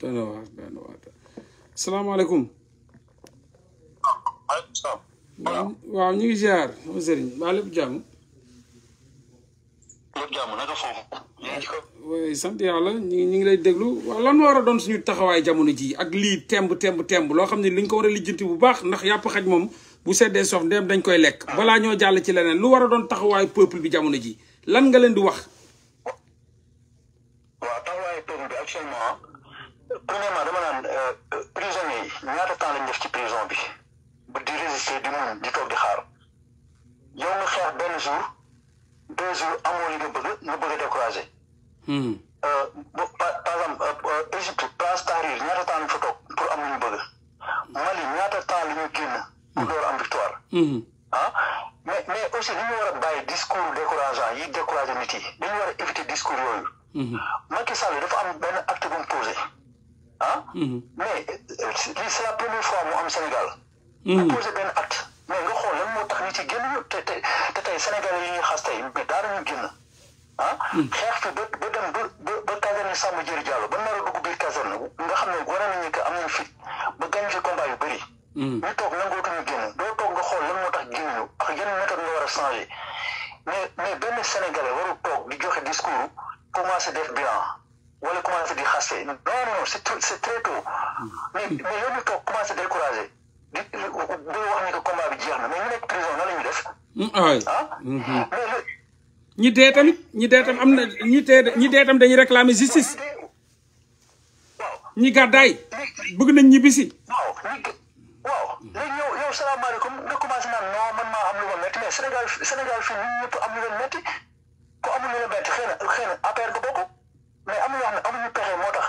doy na waar doy na waar salaamaaleykum. waaw ñu ngi ziar sama sëriñ ba lépp jàmm. lépp jàmm naka yàlla ñu ngi ñu ngi lay déglu waaw lan war a doon suñu taxawaay jamono ji ak lii temb temb temb loo xam ne liñ ko war a lijjanti bu baax ndax yàpp xaj moom bu seddee sox ndeem dañ koy lekk. balaa ñoo jàll ci leneen lu war a doon taxawaay peuple bi jamono ji lan nga leen di wax. taxawaayu peuple bi actuellement. premièrement dama naan euh, euh, prisonniers yi ñaata temps lañ def ci prison bi di résister di muñ di toog di xaar yow nga xeex benn jour deux jours amoo li nga bëgg nga bëgg a découragé. Hmm. Euh, boo par exemple Égypte place Tahrir ñaata temps lañ fa toog pour am lu ñu bëgg Mali ñaata temps la ñu génn. pour door am victoire. Hmm. Ah, mais mais aussi li ñu war a bàyyi discours décourageant yi découragé nit yi dañu war a éviter discours yooyu. Hmm. Macky Sall dafa am benn acte bu mais lii euh, c'est la première fois mu am Sénégal. Hmm. mu posé benn acte mais nga xool lan moo tax ñu ci génn yëpp te te tey Sénégalais yi ñuy xas tey mais daanañu génn ah. Hmm. xeex fi ba ba dem ba ba ba caserne Samba Diéry Diallo ba nar a dugg biir caserne nga xam ne war nañu que am nañu fit ba gagné fi combat yu bëri. Hmm. ñu toog nangu mais mais yow mii toog commencé découragé di di wax ni que jeex na mais ñu nekk prison nan la ñuy def. ñi dee tamit ñi dee tam am ñi dee ñi dee tam dañuy réclamer justice. ñi gàddaay bëgg nañ ñibbisi si. waaw waaw léegi yow yow salaamaaleykum nga commencé naan non am lu ma métti mais Sénégal Sénégal fii ñun ñëpp am lu leen métti ko amul lu leen métti xëy na xëy am na yoo pexe moo tax.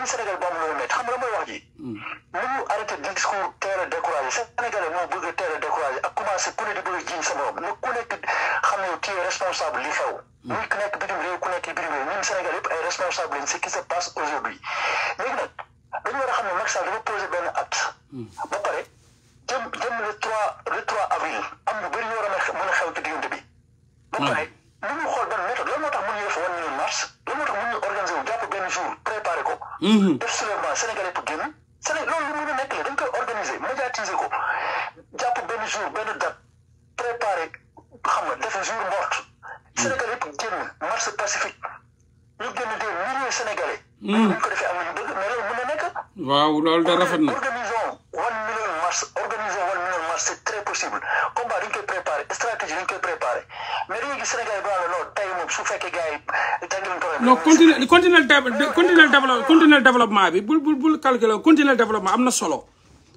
réew Sénégal bu am loolu métti xam nga mooy wax ji. Hmm. nañu arrêté discours teel a découragé Sénégalais moo bëgg a teel a découragé ak commencé ku ne di bëgg jiñ sa morom ne ku nekk xam ne tu es responsable li xew. muy hmm. ku nekk bitim réew ku nekk bitim réew ñun Sénégal yëpp ay responsable lañ ce qui se passe aujourd'hui léegi nag dañu war a xam ne Macky Sall dafa posé benn acte. Hmm. ba pare jëm jëm le 3 le 3 avril am lu bëri yoo xam ne mën a xew ci diggante bi. ba pare lu ñu xool benn méthode lan moo tax mënuñu def woon ñu mars lan moo tax mënuñu organiser wu jàpp benn jour. excellent Sénégal yëpp génn Sénégal loolu lu mën a nekk la dañ koy organiser médiatiser ko jàpp benn jour benn date préparer xam nga def jour morte mm. Sénégal yëpp génn marche pacifique ñu génn des milliers sénégalais. Mm. ñu ko defee am na ñu dëgg mais loolu mën a nekk. waaw loolu da rafet na organisons one million marche organisons one million marche c'est très possible combat dañ koy préparer stratégie dañ koy préparer. mais dañuy gis Sénégal ba la lool tey moom su fekkee gars yi tàngal problème. non continue continuer développement bi bul bul bul calculer continuer développement am na solo.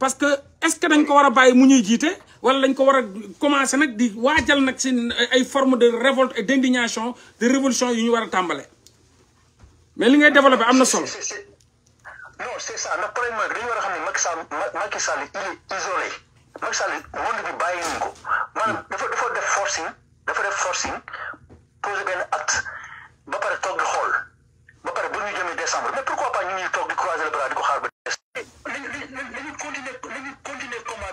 parce que est-ce que dañ ko war a bàyyi mu ñuy jiite wala lañ ko war a commencer nag di waajal nag si ay forme de révolte et d'indignation de révolution yu ñu war a tàmbale mais li ngay développé am na solo. non c'est ça nag problème nag dañu war a xam ne Macky Sall Macky Sall bi bàyyi def forcing forcing poser benn acte ba pare toog xool ba pare bu ñu jëmee décembre mais pourquoi pas ñu ñuy toog di ba le di ko xaar ba décembre. li li li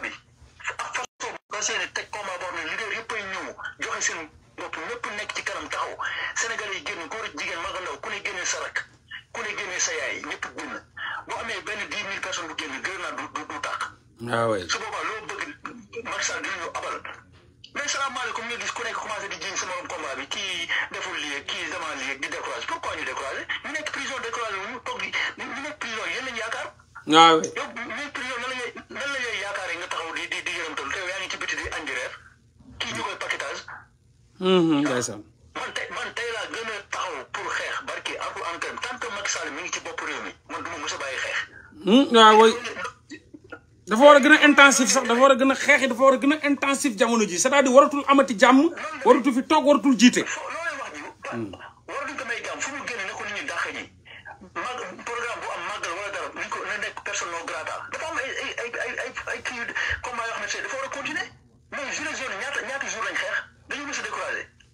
bi ak façon ba seeni teg combat boo xam ne leader yëpp ay ñëw joxe seen bopp ñëpp nekk ci kanam taxaw Sénégal yi génn góor jigéen mag ndaw ku ne génnee sa rakk ku ne génnee sa yaay ñëpp génn boo amee benn dix mille personnes bu génn gërëm naa du du du tàq. waaw ah su boobaa loo bëgg Macky Sall dinañu abal. mais salaamaaleykum ñu gis ku nekk commencé di jiñ sama combat bi kii deful lii kii sama lii di découragé pourquoi ñu découragé ñu nekk prison découragé mu nekk prison la ah nan la nga taxaw di di di yërëmtal te yaa ngi ci biti di andi reer kii ñu koy paquetage. Mm-hmm, ah. ndeysaan. man tey man tey laa gën a taxaw pour xeex barki ak antenne tant que Macky Sall mi ngi ci bopp réew mi man du ma mos a xeex. waaw mm-hmm, ah dafa war a gën a intensif sax dafa war a gën a xeexi dafa war a gën a intensif jamono ji cest à waratul amati jàmm waratul fi toog waratul jiite. waratuñ ko may jàmm fu mu génne war a continuer mais juré zone ñaata ñaata jour lañ xeex dañu mës a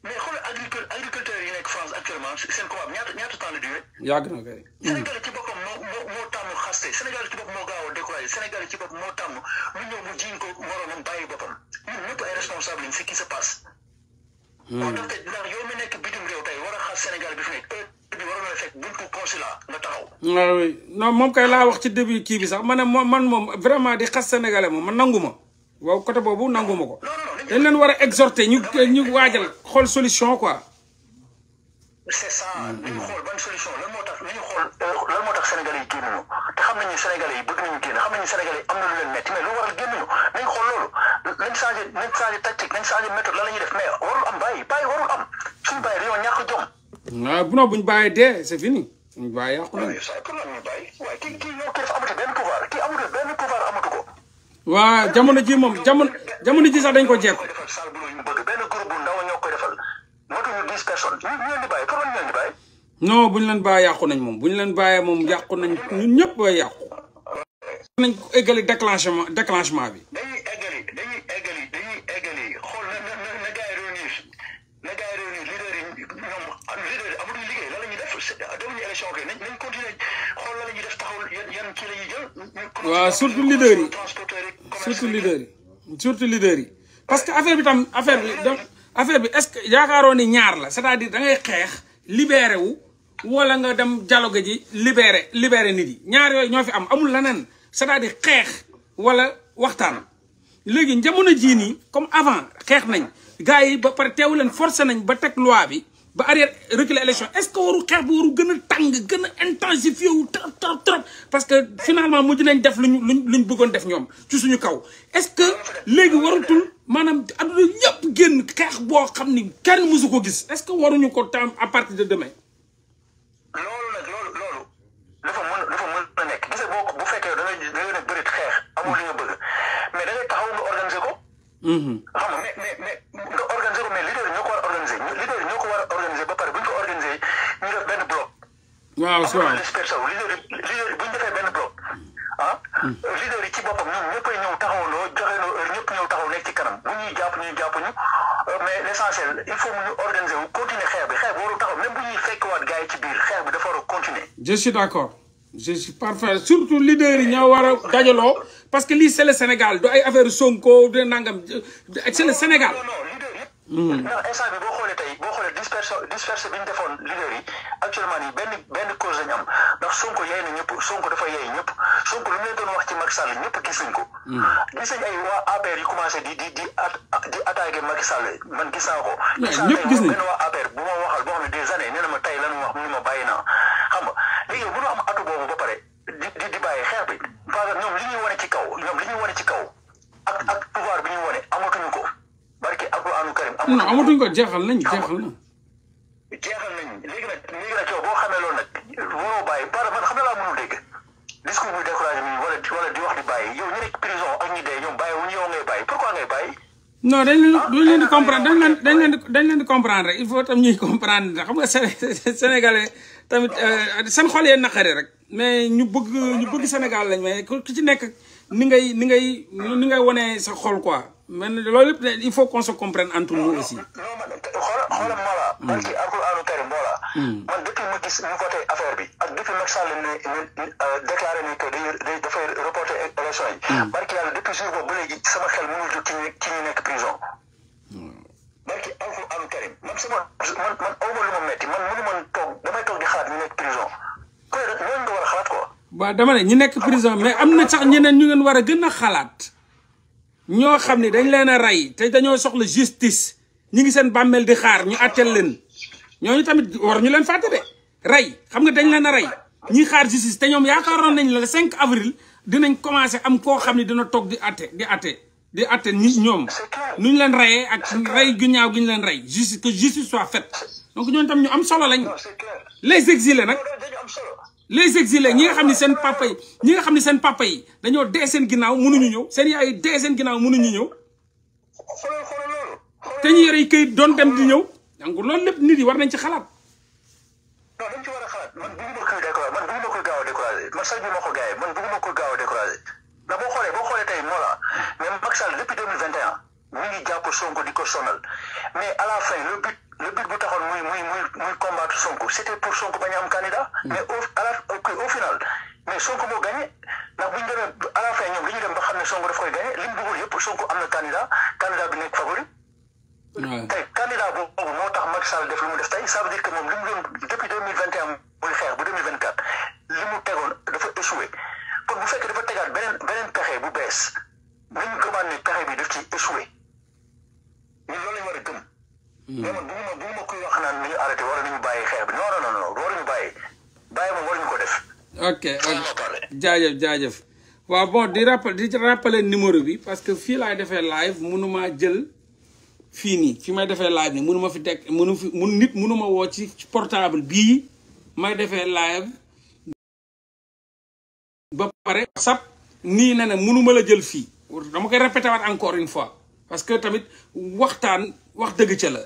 mais xoolal agriculteur agriculteurs yi France actuellement seen combat ñaata ñaata temps la durée. yàgg na Sénégal ci bopp moo tàmm mu ñëw mu jiñ ko moromam bàyyi hmm. te war a xaar Sénégal bi bi waroon na fekk buntu consulat taxaw. waaw ah oui non moom kay laa wax ci début kii bi sax ma ne man moom vraiment di xas sénégalais moom man nangu ma waaw côté boobu nanguma ko. dañ leen war a ñu ñu waajal xool solution quoi. c'est ça dañu xool ban solution lan moo tax dañu xool lan moo tax sénégalais yi génnuñu te xam nañu sénégalais yi bëgg nañu génn xam nañu sénégalais yi am na lu leen metti mais lu waral génnuñu nañ xool loolu nañ changé nañ changé tactique nañ changé méthode lan la ñuy def mais warul am bàyyi bàyyi warul am suñu bàyyi dañoo ñàkk jom waaw bu non buñu bàyyi dee c'est fini suñu bàyyi yàqu na waaye kii kii yow kii dafa amatu benn pouvoir kii amatu benn pouvoir amatu ko waaw jamono ji moom jamono jamono ji sax dañ ko jekk defal sal bu ñu bëgg benn groupe bu ndaw ñoo koy defal matuñu dix personnes ñu leen di bàyyi non bu ñu leen bàyyi yàqu nañ moom bu ñu leen bàyyee moom yàqu nañ ñun ñëpp bay yàqu. nañ ko eggali déclenchement bi. dañuy eggali dañuy eggali dañuy eggali xool na na na gars yi réunir na gars yi réunir leader surtout leader yi surtout leader yi parce que affaire bi tam affaire bi affaire bi est-ce que yaakaaroon ni ñaar la c'est-à-dire da ngay xeex libéré wu. wala nga dem dialogue ji libéré libéré nit yi ñaar yooyu ñoo fi am amul leneen c'est-à-dire xeex wala waxtaan léegi jamono jii nii comme avant xeex nañ gars yi ba pare teewu leen forcé nañ ba teg loi bi ba arrière reculer élection est-ce que waru xeex bu waru gën a tàng gën a intensifié wu trop trop parce que finalement mujj nañ def luñ luñ luñ bëggoon def ñoom ci suñu kaw est-ce que léegi warutul maanaam adduna ñëpp génn xeex boo xam ni kenn mësu ko gis est-ce que waruñu ko tam à partir de demain bëri xeex amoo li nga bëgg mais da taxaw nga organiser ko. Mm-hmm. xam nga mais mais mais nga organiser ko mais leader ko war a organiser ko war a organiser ba pare bu ñu ko organiser ñu def benn bloc. waaw soo am leader yi bu ñu defee benn bloc ah. Mm. leader yi ci boppam ñoom ñëppay ñëw taxawandoo joxe na heure ñëpp ñëw taxaw nekk ci kanam bu ñuy jàpp ñu jàpp ñu euh, mais l' essentiel il faut mu ñu organiser wu continuer xeex bi xeex bi warul taxaw même bu ñuy fekkewaat gars yi ci biir xeex bi dafa war a continuer. je suis d' je suis parfait surtout leader yi ñoo war a dajaloo parce que lii c'est le Sénégal du ay affaire Sonko de nangam c'est Sénégal. boo xoolee tey boo xoolee disperse disperse bi ñu defoon leader yi actuellement nii benn benn cause lañu ndax Sonko yaay na ñëpp Sonko dafa yaay ñëpp Sonko lu mu leen wax ci Macky Sall ñëpp gisuñ ko. Hmm. gis nañ ay waa APR yi commencé di di di di attaqué Macky man gis naa ko. gis nañ non jeexal nañ jeexal na. jeexal nañ léegi nag léegi nag yow boo xamee loolu nag waroo bàyyi par man xam na laa mënul dégg discours bu découragé bi wala wala bàyyi ñu nekk bàyyi wu ñu yow ngay bàyyi pourquoi dañ leen ah, dañ leen di comprendre dañ leen dañ leen di dañ leen di comprendre il faut tam ñuy comprendre xam nga sénégalais tamit euh, seen xol na naqari rek mais ñu bëgg ñu bugg Sénégal lañ mais ku ci nekk ni ngay ni ngay ni ngay wone sa xool quoi. mais loolu lépp il faut qu'on se comprenne entre nous aussi. non man xoolal xoolal mm. Mawla. man ci alxuraanu man depuis ma gis ñu affaire bi ak depuis Macky Sall ne euh, day dafay reporter élection mm. yàlla depuis jour boobu ba léegi sama xel mënul jóg nekk prison. Mm. barki alxuraanu karim man sama man man aw ma lu ma metti man mënu man toog damay toog di xalaat ñu nekk prison. kooku rek ñooñu nga war a xalaat quoi. waaw dama ne ñi nekk prison mais am na sax ñeneen ñu ngeen war a gën a xalaat. ñoo xam ne dañ leen a rey te dañoo soxla justice ñi ngi seen bàmmeel di xaar ñu àtteel leen ñooñu tamit war ñu leen fàtte de rey xam nga dañ leen a rey ñi xaar justice te ñoom yaakaaroon nañ la le 5 avril dinañ commencé am koo xam ne dina toog di àtte di atte di àtte nit ñoom nu ñu leen reyee ak rey gu ñaaw gi ñu leen rey justice que justice soit faite donc ñooñu tam ñu am solo lañ les exilés nag les exilés ñi nga xam ne seen papa yi ñi nga xam ne seen papa yi dañoo dee seen ginnaaw mënuñu ñëw seen yaay yi dee seen ginnaaw mënuñu ñëw te ñu yore yi këyit doon dem di ñëw donc loolu lépp nit yi war nañ ci xalaat. non dañ ci war a xalaat man bëgguma ko découragé man bëgguma ko gaaw a découragé man sax bi ma ko gars yi man bëgguma ko gaaw a découragé ndax boo xoolee boo xoolee tey moo la même Macky Sall depuis deux mille vingt et un Sonko di ko sonal mais à le but bu taxoon muy muy muy muy combattre Sonko c'était pour Sonko ba a am candidat. Mm. mais au final mais Sonko moo gagné ndax bu ñu demee à la fin ñoom li dem ba xam ne Sonko daf koy gagné li mu bëggul yëpp Sonko am na candidat candidat bi nekk favori. tey candidat boobu moo tax Macky Sall def lu mu def tey ça veut dire moom li mu doon depuis deux mille vingt et un muy xeex bu deux mille vingt quatre li tegoon dafa échoué kon bu fekkee dafa tegaat beneen beneen pexe bu bees li ñu gëmaat ne pexe bi daf ci échoué. mais man bëgguma bàyyi xeex bi non non non waruñu bàyyi bàyyi ko def. ok jaajëf jaajëf. waaw bon di rappel di rappeler numéro bi parce que fii laay defee live mënumaa jël fii nii fi may defee live nii mënuma fi teg mënu fi mun nit mënuma woo ci portable bii may defee live ba pare WhatsApp nii na ne mënuma la jël fii dama koy répété waat encore une fois parce que tamit waxtaan wax dëgg ca la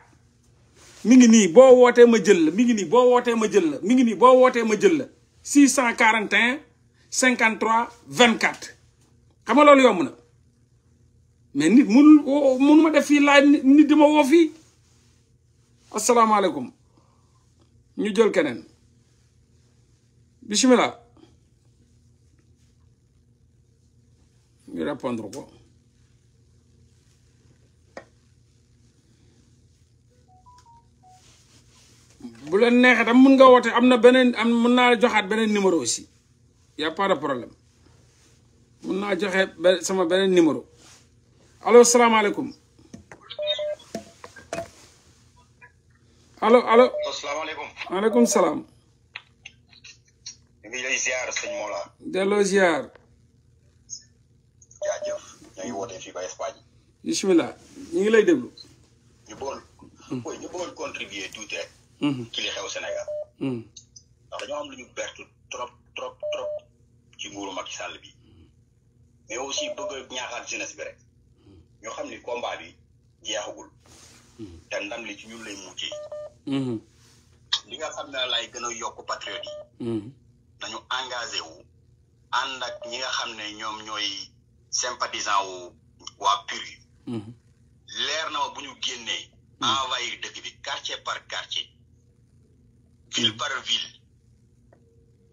mi ngi nii boo wootee ma jël la mi ngi nii boo wootee ma jël la mi ngi nii boo wootee ma jël la 641 53 24 xam nga loolu yomb na mais nit mun mun ma def fii laaj nit di ma woo fii asalaamaaleykum ñu jël keneen bisimilah ñu répondre ko. bu leen neexee tam mun nga woote am na beneen am mun naa joxaat beneen numéro aussi y pas de problème mun naa joxe sama beneen numéro allo salaamaaleykum allo allo. salaamaaleykum. maaleykum salaam. ñu ngi lay ziar sëñ Mola. delloo ziar. ñu ngi lay déglu. ñu bool. Hmm. Mm-hmm. ci li xew Sénégal. Mm-hmm. ndax dañoo am lu ñu bertu trop trop trop ci nguuru Macky Sall bi mais aussi bëgg a ñaaxaat jeunesse bi rek mm-hmm. ñu xam ni combat bi jeexagul te ndam li lay gën a yokk patriote engagé wu ànd ñi nga xam ne ñoom ñooy sympathisant wu waa PUR leer na ma bu ñu génnee. envahir dëkk bi quartier par quartier. ville par ville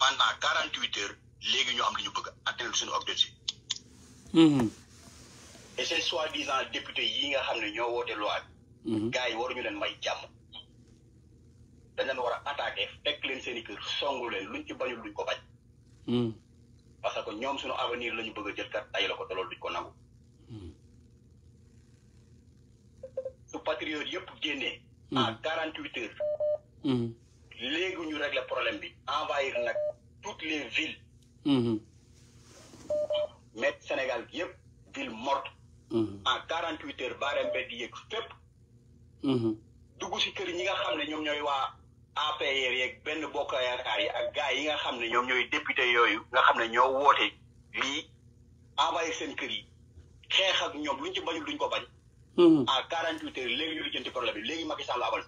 pendant quarante huit heures léegi ñu am li ñu bëgg atteindre suñu objectif. Hmm. et ces soi-disant député yi nga xam ne ñoo woote loi bi. Hmm. gars yi waruñu leen may jàmm. dañ leen war a attaqué fekk leen seen i kër songu leen luñ ci bañul luñ ko bañ. um parce que ñoom suñu avenir la ñu bëgg a jël kat ay la ko tollool duñ ko nangu. su patriote yëpp génnee. à quarante huit heures. léegi ñu régler problème bi envahir nag toutes les villes. Mhm. mettre Sénégal gi yëpp ville morte. Mhm. en quarante huit heures baaree mbedd yeeg fépp. Mhm. dugg si kër ñi nga xam ne ñoom ñooy waa APR yeeg benn bokk yaakaar yi ak gars yi nga xam ne ñoom ñooy député yooyu nga xam ne ñoo woote lii envahir seen kër yi xeex ak ñoom luñ ci bañul luñ ko bañ. en quarante huit heures léegi ñu lijjanti problème bi léegi Macky Sall abal.